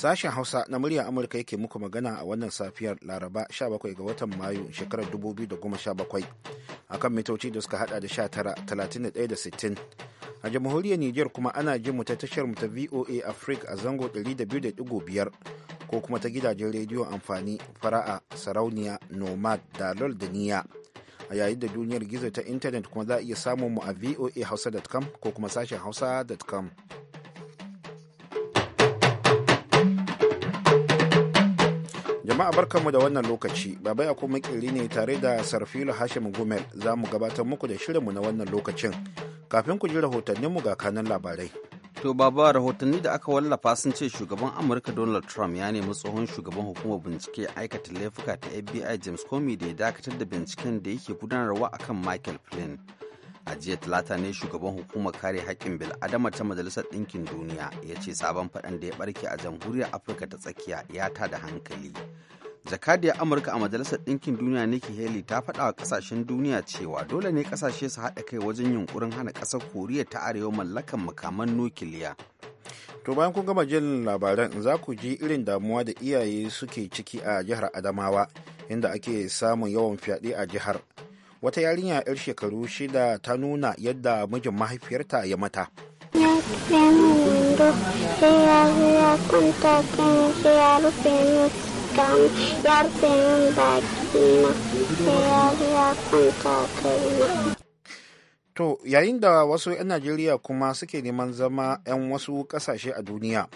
Sashen Hausa na muryar Amurka yake muku magana a wannan safiyar Laraba 17 ga watan Mayu shekarar 2017 akan mitoci da suka hada da 19, 31 da 60. A jamhuriyar Nijar kuma ana jin mu ta tashar mu ta VOA Africa a zango 200.5 ko kuma ta gidajen rediyo amfani fara'a sarauniya nomad da lol da niya. A yayin da duniyar gizo ta intanet kuma za a iya samun mu a voa hausa.com ko kuma sashen hausa.com. jama'a barkanmu da wannan lokaci babai a kuma kiri ne tare da sarfilo hashim gumel za mu gabatar muku da shirinmu na wannan lokacin kafin ku ji rahotanninmu ga kanan labarai to baba rahotanni da aka wallafa sun ce shugaban amurka donald trump ya nemi tsohon shugaban hukumar bincike aikata laifuka ta fbi james comey da ya dakatar da binciken da yake gudanarwa akan michael flynn a jiya talata ne shugaban hukumar kare haƙƙin bil'adama ta majalisar ɗinkin duniya ya ce sabon faɗan da ya barke a jamhuriyar afirka ta tsakiya ya ta da hankali jakadiyar amurka a majalisar ɗinkin duniya nikki haley ta faɗa wa ƙasashen duniya cewa dole ne ƙasashe su haɗa kai wajen yunkurin hana ƙasar koriya ta arewa mallakan makaman nukiliya to bayan kun gama jin labaran za ku ji irin damuwa da iyaye suke ciki a jihar adamawa inda ake samun yawan fyaɗe a jihar wata yarinya 'yar shekaru shida ta nuna yadda mijin mahaifiyarta ya mata na To yayin da wasu 'yan Najeriya kuma suke neman zama 'yan wasu kasashe a duniya,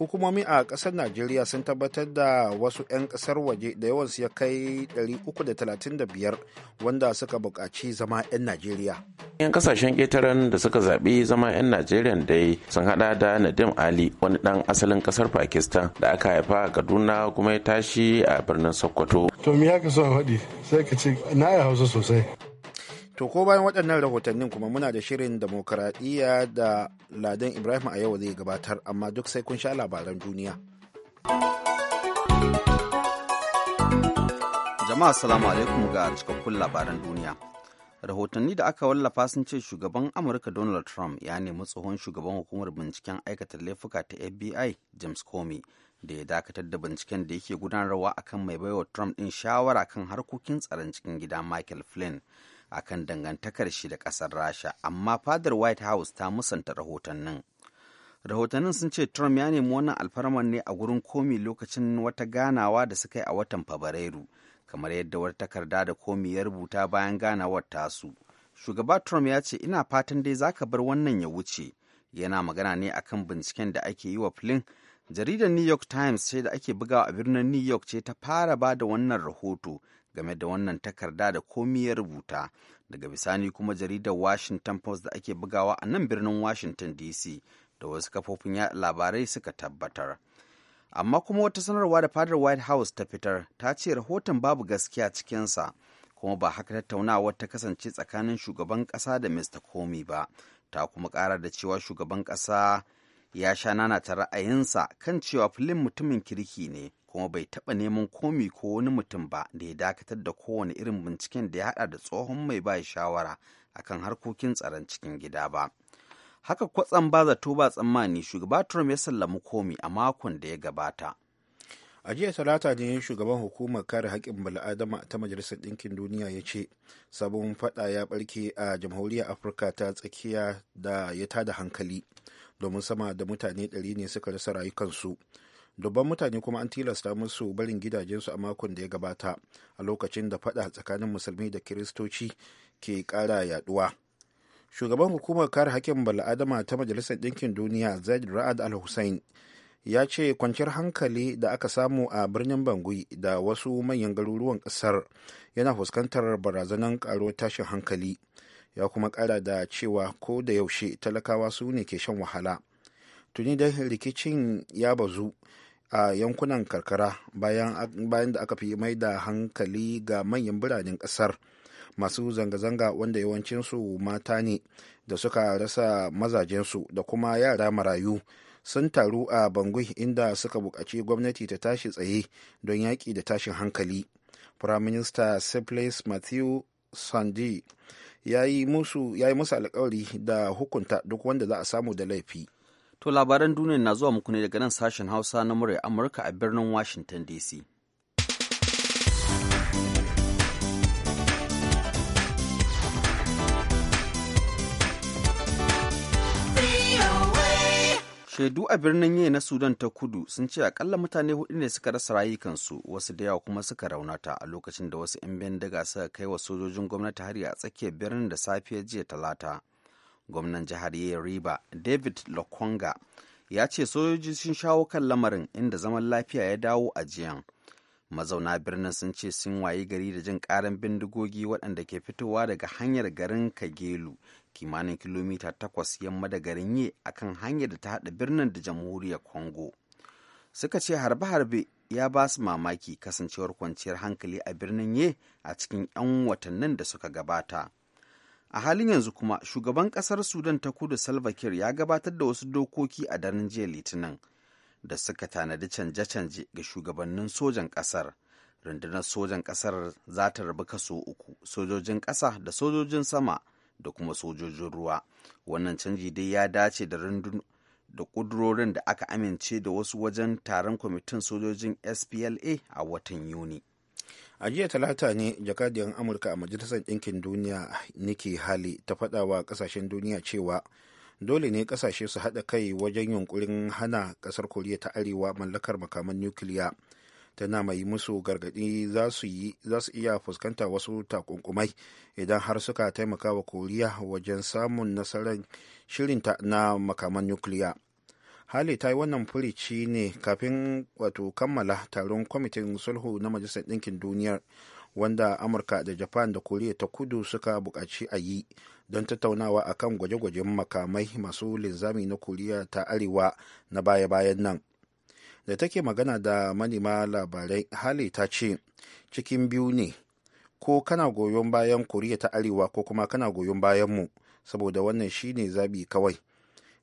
hukumomi a ƙasar najeriya sun tabbatar da wasu 'yan ƙasar waje da yawansu ya kai 335 wanda suka buƙaci zama 'yan najeriya yan kasashen ƙetaren da suka zaɓi zama 'yan najeriya dai sun hada da nadim ali wani ɗan asalin ƙasar pakistan da aka haifa a kaduna kuma ya tashi a birnin sokoto to ya ka so sai ka ce na hausa sosai to ko bayan waɗannan rahotannin kuma muna da shirin demokuraɗiyya da ladan ibrahim a yau zai gabatar amma duk sai kun sha labaran duniya jama'a salamu alaikum ga cikakkun labaran duniya rahotanni da aka wallafa sun ce shugaban amurka donald trump ya nemi tsohon shugaban hukumar binciken aikata laifuka ta fbi james comey da ya dakatar da binciken da yake gudanarwa akan mai baiwa trump din shawara kan harkokin tsaron cikin gida michael flynn akan dangantakar shi da ƙasar rasha amma fadar white house ta musanta rahotannin rahotannin sun ce trump ya nemi wannan alfarman ne a gurin komi lokacin wata ganawa da suka yi a watan fabrairu kamar yadda wata takarda da komi ya rubuta bayan ganawar tasu shugaba trump ya ce ina fatan dai zaka bar wannan ya wuce yana magana ne akan binciken da ake yi wa flynn jaridar new york times ce da ake bugawa a birnin new york ce ta fara ba da wannan rahoto game da wannan takarda da komi ya rubuta daga bisani kuma jaridar washington post da ake bugawa a nan birnin washington dc da wasu kafofin labarai suka tabbatar amma kuma wata sanarwa da fadar white house ta fitar ta ce rahoton babu gaskiya cikinsa kuma ba haka tattaunawar ta kasance tsakanin shugaban kasa da mr komi ba ta kuma kara da cewa shugaban kasa ya sha nana ta ra'ayinsa kan cewa filin mutumin kirki ne kuma bai taɓa neman komi ko wani mutum ba da ya dakatar da kowane irin binciken da ya haɗa da tsohon mai ba shawara akan harkokin tsaron cikin gida ba. Haka kwatsam ba zato ba tsammani shugaba Trump ya sallami komi a makon da ya gabata. a jiya talata ne shugaban hukumar kare haƙƙin bala'adama ta majalisar ɗinkin duniya ya ce sabon faɗa ya ɓarke a jamhuriyar afirka ta tsakiya da ya tada hankali domin sama da mutane ɗari ne suka rasa rayukansu dubban mutane kuma an tilasta musu barin gidajensu a makon da ya gabata a lokacin da fada tsakanin musulmi da kiristoci ke kara yaduwa shugaban hukumar kare hakkin bala'adama ta majalisar ɗinkin duniya zaid ra'ad al-hussein ya ce kwanciyar hankali da aka samu a birnin bangui da wasu manyan garuruwan ƙasar yana fuskantar barazanan karo tashin hankali ya kuma ƙara da cewa ko da yaushe talakawa su ne ke shan wahala tuni da rikicin ya bazu a yankunan karkara bayan da aka fi mai da hankali ga manyan biranen ƙasar masu zanga-zanga wanda yawancinsu mata ne da suka rasa mazajensu da kuma yara marayu sun taru a bangui inda suka buƙaci gwamnati ta tashi tsaye don yaƙi da tashin hankali firaminista Minister Matthew Sandi ya yi musu alkawari da hukunta duk wanda za a samu da laifi. To labaran duniya na zuwa muku ne daga nan sashen Hausa na murya Amurka a birnin Washington DC. shaidu a birnin yi na sudan ta kudu sun ce akalla mutane hudu ne suka rasa rayukansu wasu da yawa kuma suka raunata a lokacin da wasu 'yan bindiga suka kai wa sojojin gwamnati hari a tsakiyar birnin da safiyar jiya talata gwamnan jihar riba david lokonga ya ce sojoji sun shawo kan lamarin inda zaman lafiya ya dawo a jiyan mazauna birnin sun ce sun wayi gari da jin karin bindigogi waɗanda ke fitowa daga hanyar garin kagelu kimanin kilomita takwas yamma da garin ye kan hanyar da ta haɗa birnin da jamhuriyar congo suka ce harbe-harbe ya ba su mamaki kasancewar kwanciyar hankali a birnin ye a cikin 'yan watannin da suka gabata a halin yanzu kuma shugaban kasar sudan ta kudu salva ya gabatar da wasu dokoki a daren jiya litinin da suka tanadi canje-canje ga shugabannin sojan kasar rundunar sojan kasar za ta rabu kaso uku sojojin kasa da sojojin sama da kuma sojojin ruwa wannan canji dai ya dace da rundun da kudurorin da aka amince da wasu wajen taron kwamitin sojojin spla a watan yuni a jiya talata ne jakadiyar amurka a majalisar ɗinkin duniya niki hali ta faɗa wa ƙasashen duniya cewa dole ne ƙasashe su haɗa kai wajen yunkurin hana ƙasar koriya ta arewa mallakar makaman nukiliya tana mai musu gargaɗi za su iya fuskanta wasu takunkumai idan har suka taimaka wa koriya wajen samun nasarar shirinta na makaman nukiliya hali ta yi wannan furici ne kafin wato kammala taron kwamitin sulhu na majalisar ɗinkin duniyar wanda amurka da japan da koriya ta kudu suka buƙaci a yi don tattaunawa a kan gwaje-gwajen makamai masu linzami na koriya ta arewa na baya-bayan nan da take magana da manema labarai hali ta ce cikin biyu ne ko kana goyon bayan koriya ta arewa ko kuma kana goyon bayan mu saboda wannan shine zabi kawai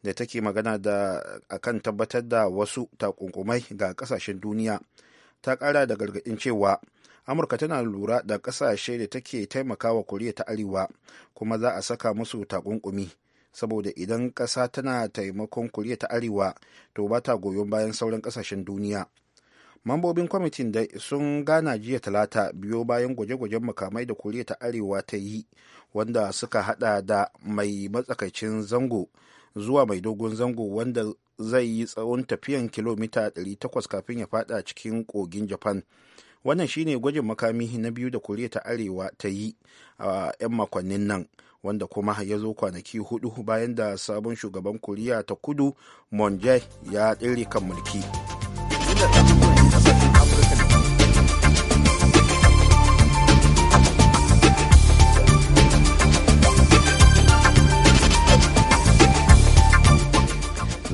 da take magana da akan tabbatar da wasu takunkumai ga kasashen duniya ta kara da gargadin cewa amurka tana lura da kasashe da take taimakawa koriya ta arewa kuma za a saka musu takunkumi saboda idan ƙasa tana taimakon koriya ta arewa to ba ta goyon bayan sauran ƙasashen duniya mambobin kwamitin da sun gana jiya talata biyo bayan gwaje-gwajen makamai da koriya ta arewa ta yi wanda suka hada da mai matsakaicin zango zuwa mai dogon zango wanda zai yi tsawon tafiyan kilomita 800 kafin ya fada cikin kogin japan wannan shine gwajin makami na biyu da koriya ta arewa ta yi a 'yan makonnin nan wanda kuma ya zo kwanaki hudu bayan da sabon shugaban koriya ta kudu monje ya tsere kan mulki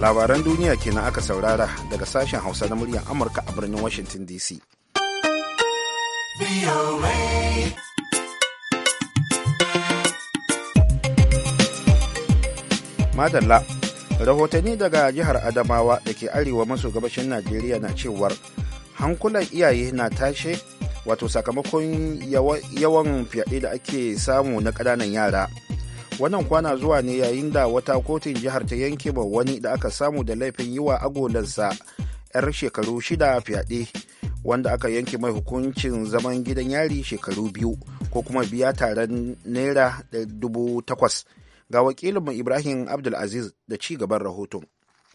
labaran duniya kenan aka saurara daga sashen hausa na muryar amurka a birnin washington dc madalla rahotanni daga jihar adamawa da ke arewa maso gabashin najeriya na cewar hankulan iyaye na tashe wato sakamakon yawan fyaɗe da ake samu na ƙananan yara wannan kwana zuwa ne yayin da wata kotun jihar ta yanke ba wani da aka samu da laifin yi wa agolansa 'yar shekaru shida fyaɗe wanda aka yanke mai hukuncin zaman gidan yari shekaru biyu ko kuma biya taron naira dubu takwas ga wakilinmu ibrahim abdulaziz da ci gaban rahoton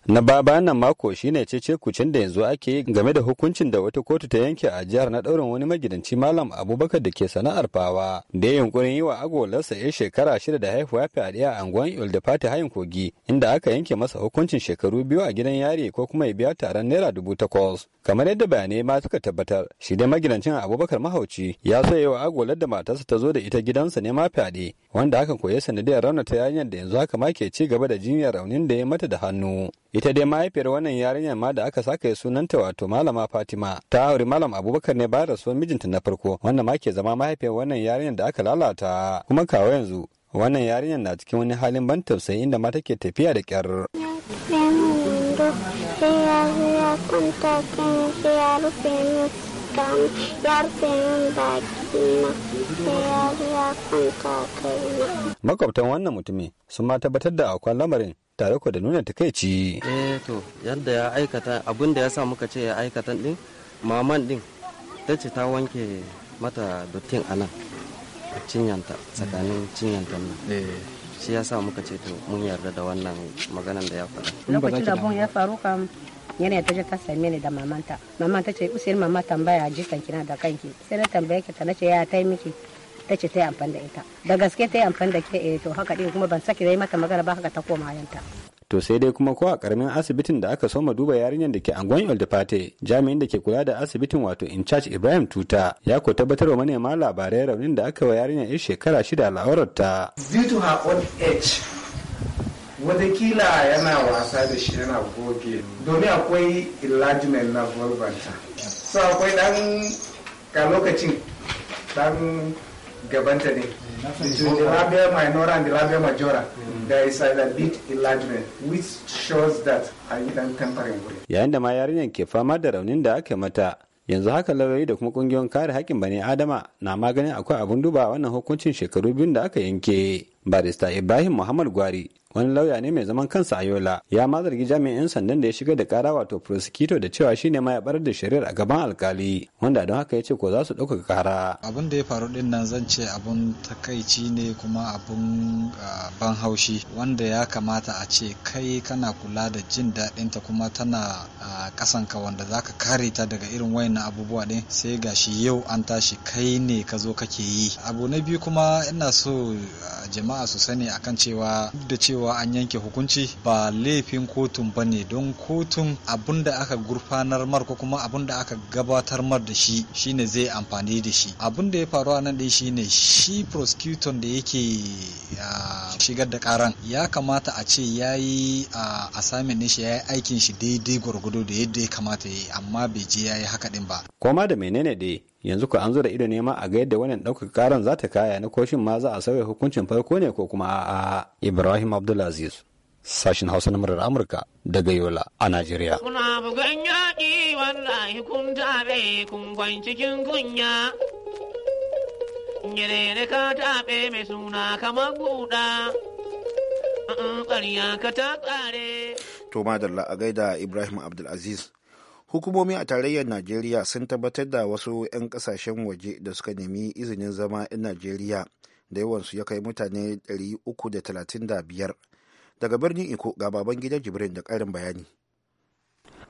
na baba nan mako shine ne kucin da yanzu ake game da hukuncin da wata kotu ta yanke a jihar na ɗaurin wani magidanci malam abubakar da ke sana'ar fawa da ya yunkurin yi wa agolarsa ya shekara shida da haihuwa fyaɗe a anguwan ildefati hayin kogi inda aka yanke masa hukuncin shekaru biyu a gidan yari ko kuma ya biya taron naira dubu takwas kamar yadda bayanai ma suka tabbatar shi dai magidancin abubakar mahauci ya so ya yi wa agolar da matarsa ta zo da ita gidansa ne ma fyaɗe wanda aka ya sanadiyar raunata yanyar da yanzu haka ma ke ci gaba da jinyar raunin da ya mata da hannu ita dai mahaifiyar wannan yarinyar ma da aka saka sunanta wato malama fatima ta auri malam abubakar ne bayan rasuwar mijinta na farko wanda ma ke zama mahaifiyar wannan yarinyar da aka lalata kuma kawo yanzu wannan yarinyar na cikin wani halin ban tausayi inda ma take tafiya da kyar makwabtan wannan mutumin sun ma tabbatar da akwai lamarin tare da nuna takaici. Eh to yadda ya aikata abin da ya sa muka ce ya aikata din maman din ta ce ta wanke mata dottin a nan cinyanta tsakanin cinyanta nan. Eh. Shi ya sa muka ce to mun yarda da wannan maganan da ya faɗa. Lokacin da abun ya faru kam yana ta je ta same ni da mamanta. Mamanta ce usir mama tambaya jikan kina da kanki. Sai na tambaye ki ta nace ya ta ta ce ta yi amfani da ita da gaske ta yi amfani da ke eh to haka din kuma ban saki dai mata magana ba haka ta koma yanta to sai dai kuma ko a karamin asibitin da aka soma duba yarinyar da ke angon oldefate jami'in da ke kula da asibitin wato in charge ibrahim tuta ya ko tabbatar wa manema labarai raunin da aka wa yarinyar yar shekara shida la'aurar ta due to her own age watakila yana wasa da shi yana goge domin akwai enlargement na vulvanta so akwai dan ka lokacin dan gabanta ne between the labia minora and the labia majora there is a bit enlargement which shows that a yi dan tampering yayin da ma yarinyar ke fama da raunin da aka mata yanzu haka lauyoyi da kuma kungiyoyin kare haƙƙin bani adama na maganin akwai abun duba wannan hukuncin shekaru biyun da aka yanke barista ibrahim muhammad gwari wani lauya ne mai zaman kansa a yola ya ma zargi jami'in 'yan sandan da ya shiga da kara wato prosecuto da cewa shine ma ya barar da shari'ar a gaban alkali wanda don haka ya ce ko za su ɗaukaka kara abin da ya faru din nan zan ce abun takaici ne kuma abun ban haushi wanda ya kamata a ce kai kana kula da jin daɗin ta kuma tana kasan ka wanda zaka kare ta daga irin wayannan abubuwa din sai gashi yau an tashi kai ne ka zo kake yi abu na biyu kuma ina so jama'a su sani akan cewa duk da cewa cewa an yanke hukunci ba laifin kotun ba ne don kotun abin da aka gurfanar mar ko kuma abin da aka gabatar mar da shi shine zai amfani da shi abin da ya faru a nan din shine shi prosecutor da yake shigar da karan ya kamata a ce ya yi assignment din shi ya yi aikin shi daidai gwargwado da yadda ya kamata ya yi amma bai je ya yi haka din ba. Koma da menene dai yanzu ku an zo da ido nema a ga yadda wannan ɗaukaka karan za ta kaya na koshin ma za a sauya hukuncin farko ne ko kuma a ibrahim abdulaziz sashin hausa na murar amurka daga yola a najeriya kuna bugan yaƙi wallahi kun taɓe kun cikin kunya Nyerere ka taɓe mai suna kamar guda ƙarya ka ta ƙare to madalla a gaida ibrahim abdulaziz hukumomi a tarayyar najeriya sun tabbatar da wasu 'yan kasashen waje da suka nemi izinin zama 'yan najeriya da yawansu ya kai mutane 335 daga birnin iko ga baban gidan jibrin da karin bayani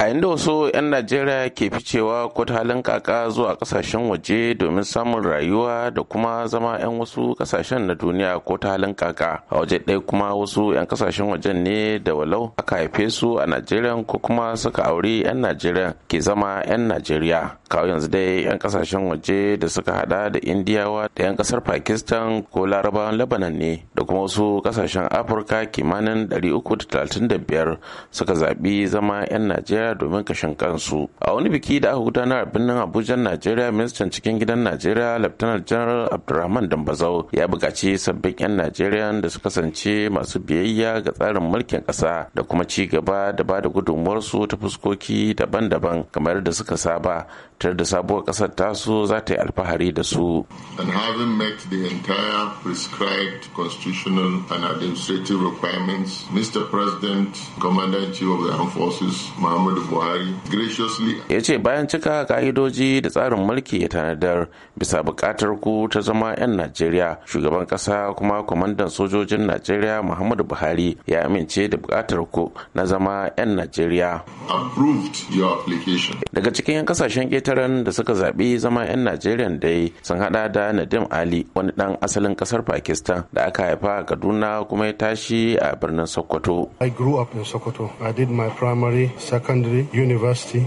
a inda wasu 'yan najeriya ke ficewa ko ta halin kaka zuwa kasashen waje domin samun rayuwa da kuma zama 'yan wasu kasashen na duniya ko ta halin kaka a waje ɗaya kuma wasu 'yan kasashen wajen ne da walau aka haife su a najeriya ko kuma suka aure 'yan najeriya ke zama 'yan najeriya kawo yanzu dai 'yan kasashen waje da suka hada da indiyawa da 'yan kasar pakistan ko larabawan lebanon ne da kuma wasu kasashen afirka kimanin 335 suka zaɓi zama 'yan najeriya domin kashin kansu a wani biki da aka gudanar a birnin abuja najeriya ministan cikin gidan najeriya lieutenant general abdulrahman dambazau ya buƙaci sabbin 'yan najeriya da su kasance masu biyayya ga tsarin mulkin ƙasa da kuma ci gaba da ba da gudunmuwarsu ta fuskoki daban-daban kamar da suka saba tare da sabuwar kasar tasu za ta yi alfahari da su. And having met the entire prescribed constitutional and administrative requirements, Mr. President, Commander in Chief of the Armed Forces, Muhammadu Buhari, graciously. Ya ce bayan cika ka'idoji da tsarin mulki ya tanadar bisa buƙatar ku ta zama 'yan Najeriya, shugaban ƙasa kuma kwamandan sojojin Najeriya Muhammadu Buhari ya amince da buƙatar ku na zama 'yan Najeriya. Approved your application. Daga cikin 'yan ƙasashen shekaran da suka zaɓi zama 'yan najeriya dai sun hada da nadim ali wani ɗan asalin kasar pakistan da aka haifa a kaduna kuma ya tashi a birnin sokoto i grew up in sokoto i did my primary secondary university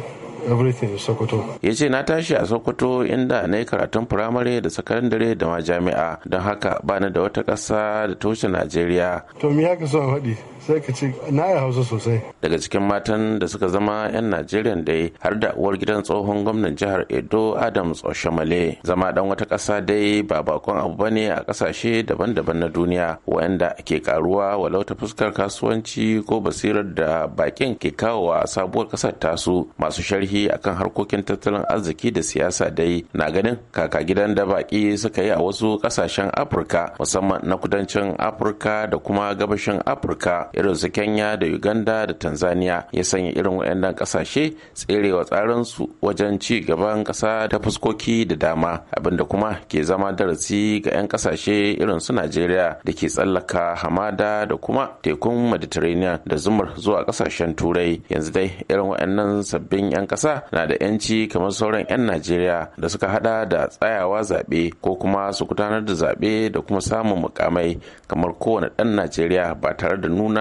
ya ce na tashi a sokoto inda na yi karatun firamare da sakandare da ma jami'a don haka bani da wata ƙasa da toshe najeriya to me ya ka son haɗi sai ka ce na yi hausa sosai daga cikin matan da suka zama 'yan najeriya dai har da uwar gidan tsohon gwamnan jihar edo adams oshamale zama dan wata ƙasa dai ba bakon abu ba ne a ƙasashe daban-daban na duniya wanda ke karuwa walau ta fuskar kasuwanci ko basirar da bakin ke kawowa sabuwar ƙasar tasu masu sharhi akan harkokin tattalin arziki da siyasa dai na ganin kaka gidan da baki suka yi a wasu ƙasashen afirka musamman na kudancin afirka da kuma gabashin afirka irin su kenya da uganda da tanzania ya sanya irin waɗannan ƙasashe tserewa su wajen ci gaban ƙasa ta fuskoki da dama abinda kuma ke zama darasi ga 'yan ƙasashe irin su najeriya da ke tsallaka hamada da kuma tekun mediterranean da zumar zuwa ƙasashen turai yanzu dai irin waɗannan sabbin 'yan ƙasa na da 'yanci kamar sauran 'yan najeriya da suka hada da tsayawa zaɓe ko kuma su gudanar da zaɓe da kuma samun mukamai kamar kowane ɗan najeriya ba tare da nuna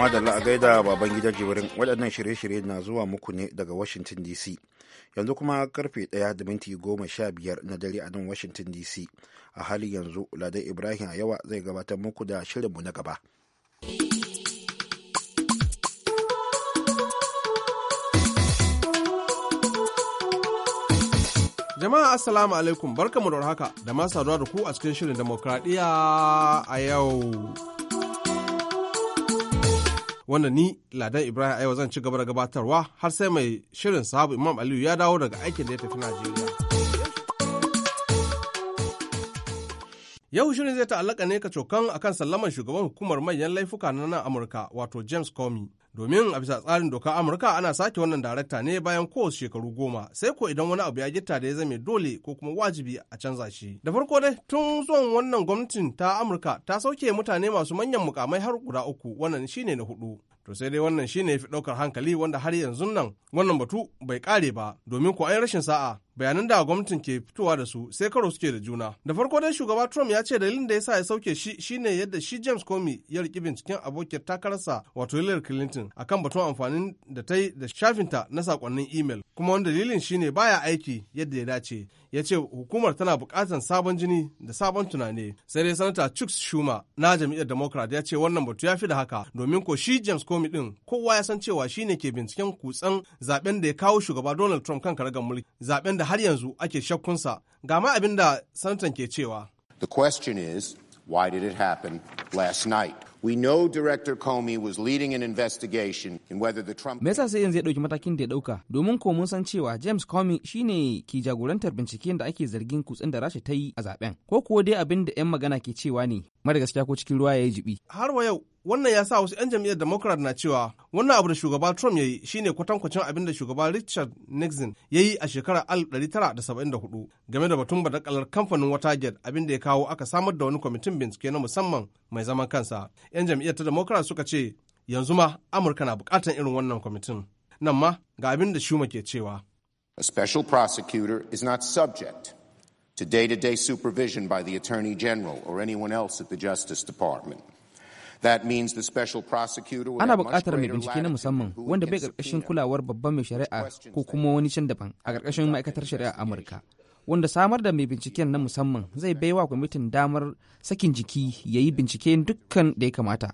madalla da gaida baban gidan jibirin waɗannan shirye-shirye na zuwa muku ne daga washington dc yanzu kuma karfe ɗaya da minti goma sha biyar na dare a nan washington dc a halin yanzu ladan ibrahim a yawa zai gabatar muku da shirinmu na gaba jama'a assalamu alaikum barkamu da haka da masu saduwa da ku a cikin shirin demokradiyya a yau wanda ni Ladan Ibrahim Aiwa zan ci gaba da gabatarwa har sai mai shirin sahabu Imam Aliyu ya dawo daga aikin da ya tafi Najeriya. Yau shirin zai ta'allaka ne ka cokan akan sallamar shugaban hukumar manyan laifuka na nan Amurka wato James Comey. domin a bisa tsarin doka amurka ana sake wannan darakta ne bayan kowace shekaru goma sai ko idan wani abu ya gitta da ya zame dole ko kuma wajibi a canza shi da farko dai tun zuwan wannan gwamnatin ta amurka ta sauke mutane masu manyan mukamai har guda uku wannan shine na hudu To sai dai wannan shine fi ɗaukar hankali wanda har yanzu nan wannan batu bai ƙare ba domin ko an rashin sa'a bayanan da gwamnatin ke fitowa da su sai karo suke da juna. Da farko dai shugaba Trump ya ce dalilin da ya sa ya sauke shi shine yadda shi James Comey ya riki binciken abokiyar takararsa wato Hillary Clinton akan batun amfanin da ta yi da shafinta na sakonnin email kuma wani dalilin shine baya aiki yadda ya dace ya ce hukumar tana bukatar sabon jini da sabon tunani sai dai sanata chuck shuma na jam'iyyar democrat ya ce wannan batu ya fi da haka domin ko shi james comey din kowa ya san cewa shi ne ke binciken kutsen zaben da ya kawo shugaba donald trump kan karagar mulki zaben da har yanzu ake shakkunsa ga ma abin da sanatan ke cewa the question is why did it happen last night We know Director Comey was leading an investigation in Me yasa sai yanzu ya ɗauki matakin da ya ɗauka domin ko mun san cewa James Comey shine ke jagorantar binciken da ake zargin kutsen da Rasha ta yi a zaben ko kuwa dai abin da 'yan magana ke cewa ne mara gaskiya ko cikin ruwa ya yi jibi. Har wa yau wannan ya sa wasu 'yan jam'iyyar Democrat na cewa wannan abu da shugaba Trump ya yi shine kwatankwacin abin da shugaba Richard Nixon ya yi a shekarar 1974 game da batun badakalar kamfanin Watergate abin da ya kawo aka samar da wani kwamitin bincike na musamman mai zaman kansa. 'Yan jam'iyyar ta Democrat suka ce yanzu ma Amurka na bukatar irin wannan kwamitin. Nan ma ga abin da Shuma ke cewa. A special prosecutor is not subject to day to day supervision by the Attorney General or anyone else at the Justice Department. That means the special prosecutor Ana buƙatar mai bincike na musamman wanda bai ƙarƙashin kulawar babban mai shari'a ko kuma wani can daban a ƙarƙashin ma'aikatar shari'a Amurka. Wanda samar da mai binciken na musamman zai baiwa kwamitin damar sakin jiki ya yi bincike dukkan da ya kamata.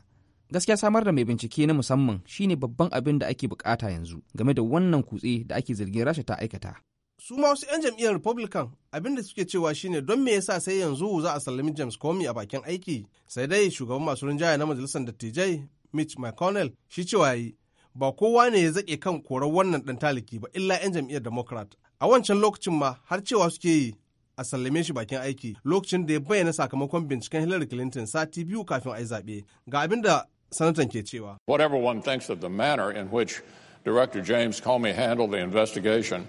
Gaskiya samar da mai bincike na musamman shine babban abin da ake bukata yanzu game da wannan kutse da ake zargin Rasha ta aikata. su ma wasu 'yan jam'iyyar republican abin da suke cewa shine don me yasa sai yanzu za a sallami james comey a bakin aiki sai dai shugaban masu rinjaya na majalisar dattijai mitch mcconnell shi cewa yi ba kowa ne ya zaƙe kan korar wannan dan taliki ba illa 'yan jam'iyyar democrat a wancan lokacin ma har cewa suke yi a sallame shi bakin aiki lokacin da ya bayyana sakamakon binciken hillary clinton sati biyu kafin a yi zaɓe ga abin da sanatan ke cewa whatever one thinks of the manner in which director james comey handled the investigation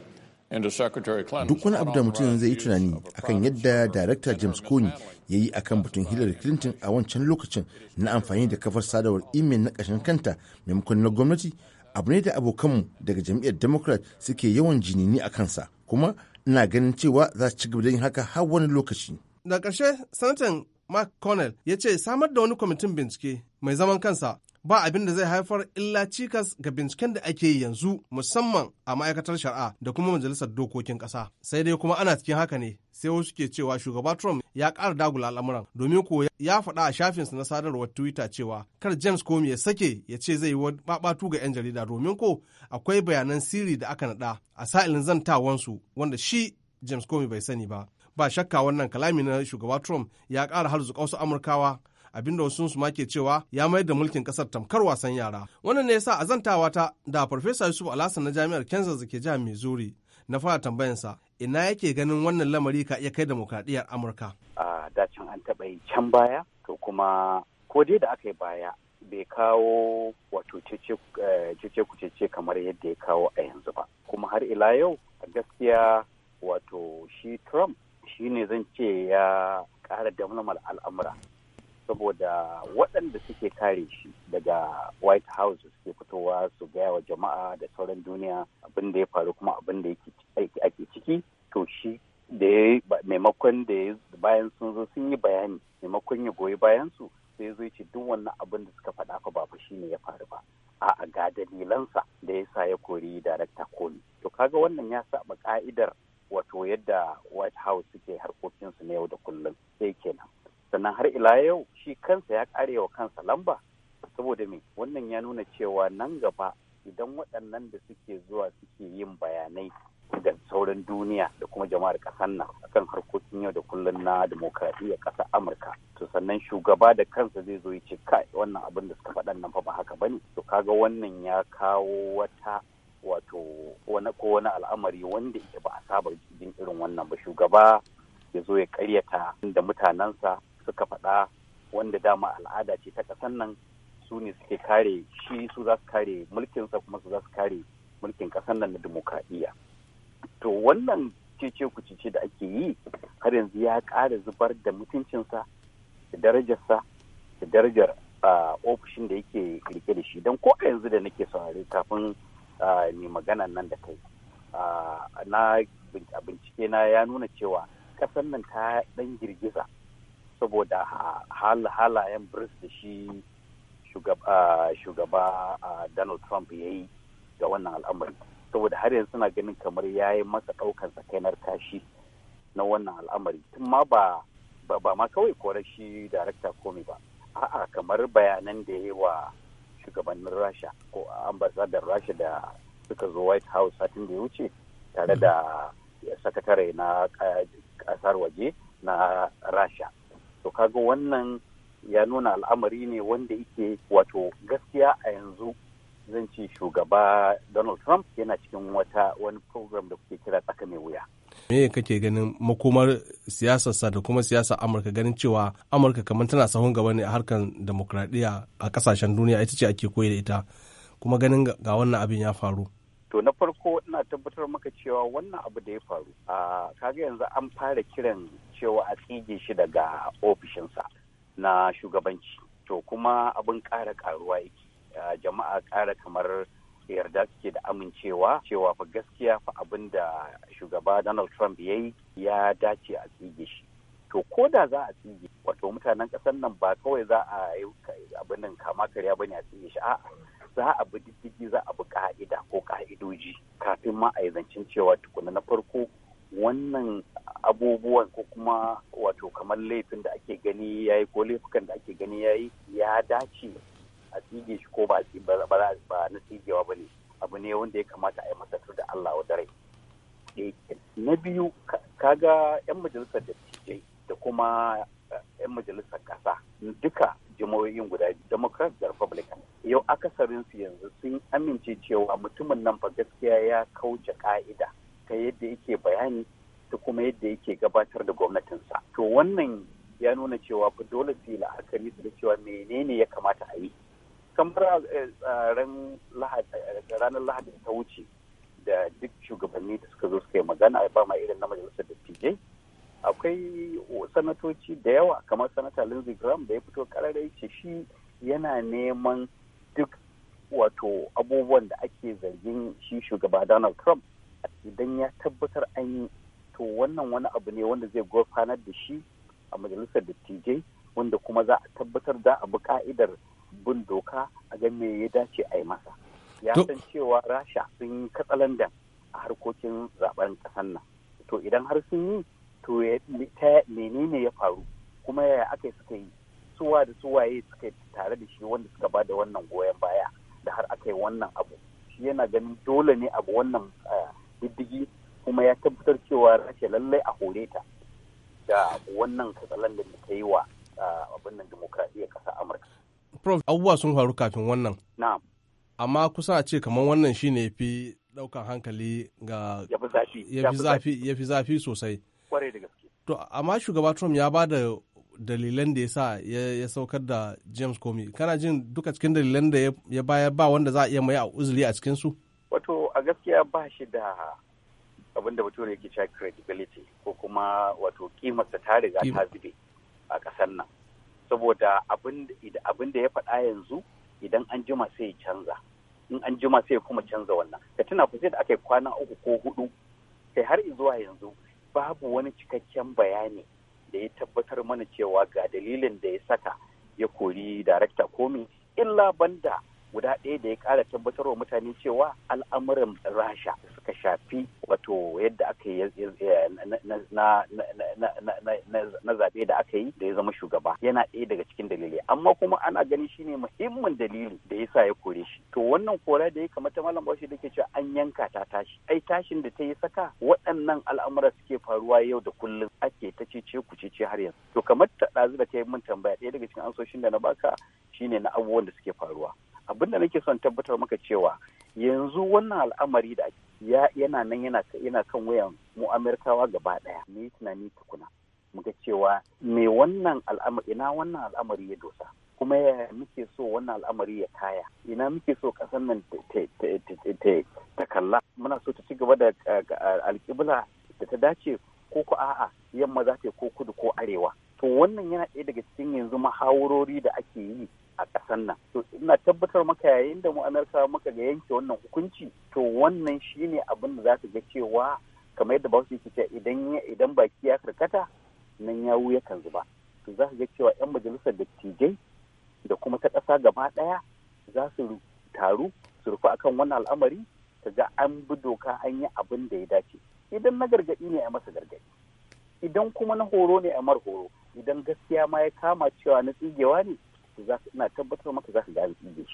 duk wani abu da mutum zai yi tunani akan yadda darakta james kony ya yi akan batun hillary clinton a wancan lokacin na amfani da kafar sadarwar imel na ƙashin kanta maimakon na gwamnati abu ne da abokanmu daga jam'iyyar democrat suke yawan jinini a kansa kuma ina ganin cewa za su ci gaba da yin haka har wani lokaci da ƙarshe sanatan mark connell ya ce samar da wani kwamitin bincike mai zaman kansa ba abin da zai haifar illa cikas ga binciken da ake yi yanzu musamman a ma'aikatar shari'a da kuma majalisar dokokin ƙasa sai dai kuma ana cikin haka ne sai wasu ke cewa shugaba trump ya kara dagula al'amuran domin ko ya faɗa a shafinsa na sadarwar twitter cewa kar james comey ya sake ya ce zai yi babatu ga 'yan jarida domin ko akwai bayanan sirri da aka naɗa a sa'ilin zantawansu wanda shi james comey bai sani ba ba shakka wannan kalami na shugaba trump ya ƙara harzuka wasu amurkawa abinda wasu su ma ke cewa ya mayar da mulkin kasar tamkar wasan yara wannan ne yasa azantawa ta da farfesa yusuf alhassan na jami'ar kansas da ke jihar missouri na fara tambayansa ina yake ganin wannan lamari ka iya kai demokradiyyar amurka a dacin an taɓa yi can baya to kuma ko dai da aka yi baya bai kawo wato cece kucece eh, kamar yadda ya kawo a yanzu ba kuma har ila yau a gaskiya wato shi trump shi ne zan ce ya ƙara damlamar al'amura saboda waɗanda suke kare shi daga white house suke fitowa su gaya wa jama'a da sauran duniya abin da ya faru kuma abin da ake ciki to shi da ya maimakon da bayan sun zo sun yi bayani maimakon ya goyi bayan su sai zai ce duk wannan abin da suka faɗa fa ba fa ne ya faru ba a'a ga dalilansa da ya sa ya kori darakta koli to kaga wannan ya saba ka'idar wato yadda white house suke harkokinsu na yau da kullum sannan har ila yau shi kansa ya kare wa kansa lamba saboda me wannan ya nuna cewa nan gaba idan waɗannan da suke zuwa suke yin bayanai da sauran duniya da kuma jama'ar ƙasar nan akan harkokin yau da kullum na demokradiyya ƙasar amurka to sannan shugaba da kansa zai zo ya ce kai wannan abin da suka faɗan nan fa ba haka bane to kaga wannan ya kawo wata wato wani ko wani al'amari wanda ba a saba jin irin wannan ba shugaba ya zo ya karyata da mutanensa suka faɗa wanda dama al'ada ce ta ƙasar nan su ne suke kare shi su za su kare mulkinsa kuma su za su kare mulkin ƙasan nan na demokradiyya to wannan cece ku cece da ake yi har yanzu ya ƙara zubar da mutuncinsa da darajarsa da darajar ofishin da yake rike da shi don ko a yanzu da nake saurare kafin ne magana nan da kai na bincike na ya nuna cewa ƙasar nan ta ɗan girgiza saboda halayen bris da shi shugaba donald trump ya yi ga wannan al'amari saboda har yanzu suna ganin kamar ya yi masa ɗaukan tsakainar kashi na wannan al'amari tun ma ba ma kawai korar shi darakta komi ba a'a kamar bayanan da ya yi wa shugabannin rasha ko ambasadar rasha da suka zo white house satin da ya wuce tare mm. da sakatare na ƙasar waje na rasha to kaga wannan ya nuna al'amari ne wanda yake wato gaskiya a yanzu zan ce shugaba donald trump yana cikin wata wani program da kuke kira tsaka mai wuya me kake ganin makomar siyasarsa da kuma siyasar amurka ganin cewa amurka kamar tana sahun gaba ne a harkar demokradiyya a kasashen duniya ita ce ake koyi da ita kuma ganin ga wannan abin ya faru to na farko ina tabbatar maka cewa wannan abu da ya faru a kaga yanzu an fara kiran cewa a tsige shi daga ofishinsa na shugabanci to kuma abin ƙara ƙaruwa yake jama'a ƙara kamar yarda suke da amincewa cewa fa gaskiya fa abin da shugaba donald trump ya yi ya dace a tsige shi to ko da za a tsige wato mutanen ƙasar nan ba kawai za a yi abin nan kama karya bane a tsige shi a'a za a bi diddigi za a bi ka'ida ko ka'idoji kafin ma'aizancin cewa tukuna na farko wannan abubuwan ko kuma wato kamar laifin da ake gani ya yi ko laifukan da ake gani ya yi ya dace a tsige shi ko ba na tsigewa ba ne abu ne wanda ya kamata a yi matattu da Allah wa dare. Eh, na biyu kaga 'yan majalisar dattijai da kuma eh, 'yan majalisar kasa duka jimoyoyin guda biyu democrat da republican yau akasarin su yanzu sun amince cewa mutumin nan ba gaskiya ya kauce ka'ida ta yadda yake bayani da kuma yadda yake gabatar da gwamnatinsa to wannan ya nuna cewa fa dole su yi la'akari su da cewa menene ya kamata a yi kamar eh, eh, ranar lahadi ta wuce da duk shugabanni da suka zo suka yi magana ba ma irin na majalisar dattijai akwai sanatoci da yawa kamar sanata lindsey graham da ya fito kararai ce shi yana neman duk wato abubuwan da ake zargin shi shugaba donald trump idan ya tabbatar an yi to wannan wani abu ne wanda zai gurfanar da shi a majalisar dattijai wanda kuma za a tabbatar da abu ka'idar bin doka a ga me ya dace a yi masa ya san cewa rasha sun yi katsalandan a harkokin zaben kasan nan to idan har sun yi to menene ya faru kuma yaya aka suka yi suwa da suwaye suka yi tare da shi wanda suka ba da wannan goyon baya da har aka yi wannan abu shi yana ganin dole ne abu wannan eh, diddigi kuma ya tabbatar cewa rasha lallai a hore ta da wannan katsalan da ta yi wa abin nan demokradiyyar kasa amurka prof abubuwa sun faru kafin wannan na'am amma kusa a ce kamar wannan shi ne fi daukan hankali ga ya fi zafi sosai to amma shugaba trump ya ba da dalilan da ya sa ya saukar da james comey kana jin duka cikin dalilan da ya baya ba wanda za a iya mai a uzuri a cikinsu. wato a gaskiya ba shi da abin da bature yake cewa credibility ko kuma wato kimarsa ta riga ta zube a ƙasar nan saboda abin da ya faɗa yanzu idan an jima sai canza in an jima sai kuma canza wannan ka tuna ku sai da aka yi kwana uku ko hudu sai har zuwa yanzu babu wani cikakken bayani da ya tabbatar mana cewa ga dalilin da ya saka ya kori darakta komi illa banda guda ɗaya da ya ƙara wa mutane cewa al'amuran rasha suka shafi wato yadda aka yi na zaɓe da aka yi da ya zama shugaba yana ɗaya daga cikin dalili. amma kuma ana gani shine muhimmin dalili da ya sa ya kore shi to wannan kora da ya kamata malam bashi da ke cewa an yanka ta tashi ai tashin da ta yi saka waɗannan al'amura suke faruwa yau da kullum ake ta cece ku cece har yanzu to kamar ta ɗazu da ta yi min tambaya ɗaya daga cikin ansoshin da na baka shine na abubuwan da suke faruwa abin da nake son tabbatar maka cewa yanzu wannan al'amari da yana nan yana kan wayan mu Amerikawa gaba daya ni tunani tukuna muka cewa me wannan al'amari ina wannan al'amari ya dosa kuma ya muke so wannan al'amari ya kaya ina muke so kasan nan ta kalla muna so ta ci gaba da alƙibla da ta dace ko ku a'a yamma za ta ko kudu ko arewa to wannan yana ɗaya daga cikin yanzu mahawarori da ake yi a ƙasar nan to ina tabbatar maka yayin da mu amerika muka ga yanke wannan hukunci to wannan shine abin da za ka ga cewa kamar yadda bahaushe yake cewa idan idan baki ya karkata nan ya yawu yakan zuba to za ka ga cewa yan majalisar dattijai da kuma ta kasa gaba ɗaya za su taru su rufe akan wannan al'amari ka ga an bi doka an yi abin da ya dace idan na gargaɗi ne a masa gargaɗi idan kuma na horo ne a mar horo idan gaskiya ma ya kama cewa na tsigewa ne ina tabbatar maka za ka su.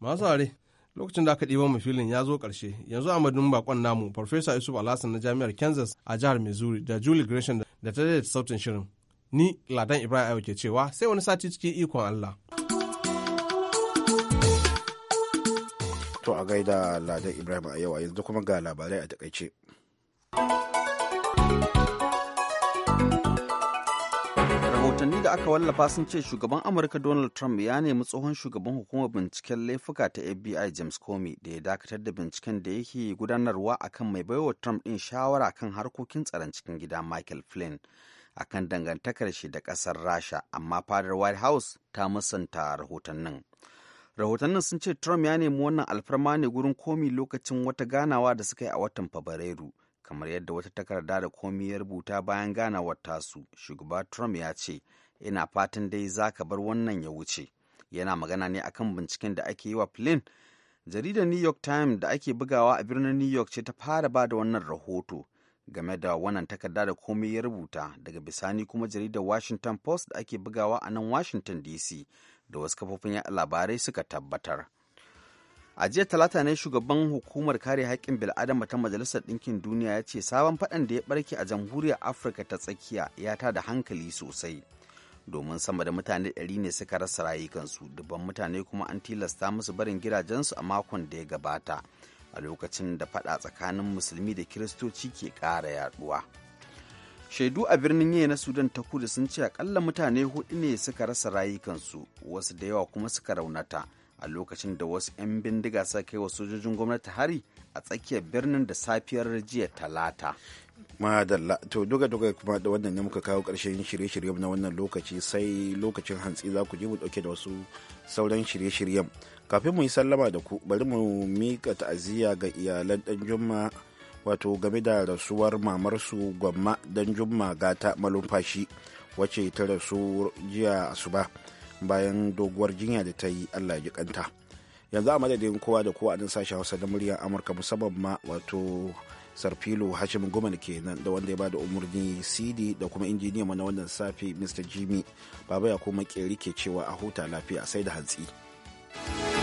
masu are lokacin da aka ɗiba mu filin ya zo ƙarshe yanzu a madun bakon namu farfesa yusuf alhassan na jami'ar kansas a jihar missouri da julie gresham da ta daidaita sautin shirin ni ladan ibrahim ayo ke cewa sai wani sati cikin ikon allah to a gaida ladan ibrahim a yau yanzu kuma ga labarai a takaice da aka wallafa sun ce shugaban Amurka Donald Trump ya nemi tsohon shugaban hukumar binciken laifuka ta FBI James Comey da ya dakatar da binciken da yake gudanarwa akan mai baiwa Trump din shawara kan harkokin tsaron cikin gida Michael Flynn akan dangantakar shi da kasar Rasha, amma fadar White House ta musanta rahotannin. rahotannin sun ce trump ya nemi wannan alfarma ne gurin komi lokacin wata ganawa da suka yi a watan fabrairu kamar yadda wata takarda da komi ya rubuta bayan ganawar tasu shugaba trump ya ce ina fatan dai za ka bar wannan ya wuce yana magana ne akan binciken da ake yi wa flynn jaridar new york times da ake bugawa a birnin new york ce ta fara ba da wannan rahoto game da wannan takarda da komai ya rubuta daga bisani kuma jaridar washington post da ake bugawa a nan washington dc da wasu kafofin labarai suka tabbatar a jiya talata ne shugaban hukumar kare haƙƙin bil'adama ta majalisar ɗinkin duniya ya ce sabon faɗan da ya ɓarke a jamhuriyar afirka ta tsakiya ya ta da hankali sosai domin sama da mutane 100 ne suka rasa rayukansu dubban mutane kuma an tilasta musu barin gidajensu a makon da ya gabata a lokacin da fada tsakanin musulmi da kiristoci ke ƙara yaduwa shaidu a birnin yaya na sudan ta kudu sun ce akalla mutane hudu ne suka rasa rayukansu wasu da yawa kuma suka raunata a lokacin da wasu 'yan bindiga suka kai wa sojojin gwamnati hari a tsakiyar birnin da safiyar jiya talata madalla to duka duka kuma da wannan ne muka kawo karshen shirye-shiryen na wannan lokaci sai lokacin hantsi za ku je mu dauke da wasu sauran shirye-shiryen kafin mu yi sallama da ku bari mu mika ta'aziyya ga iyalan dan juma wato game da rasuwar mamarsu gwamma dan juma gata malumfashi wacce ta rasu jiya asuba bayan doguwar jinya da ta yi allah ji kanta yanzu a madadin kowa da kowa a nan sashen hausa da muryar amurka musamman ma wato sarfilo hashim guman kenan da wanda ya bada umarni cd da kuma injiniya mana wannan safi mr jimmy baba ya kuma ke cewa a huta lafiya sai da hantsi.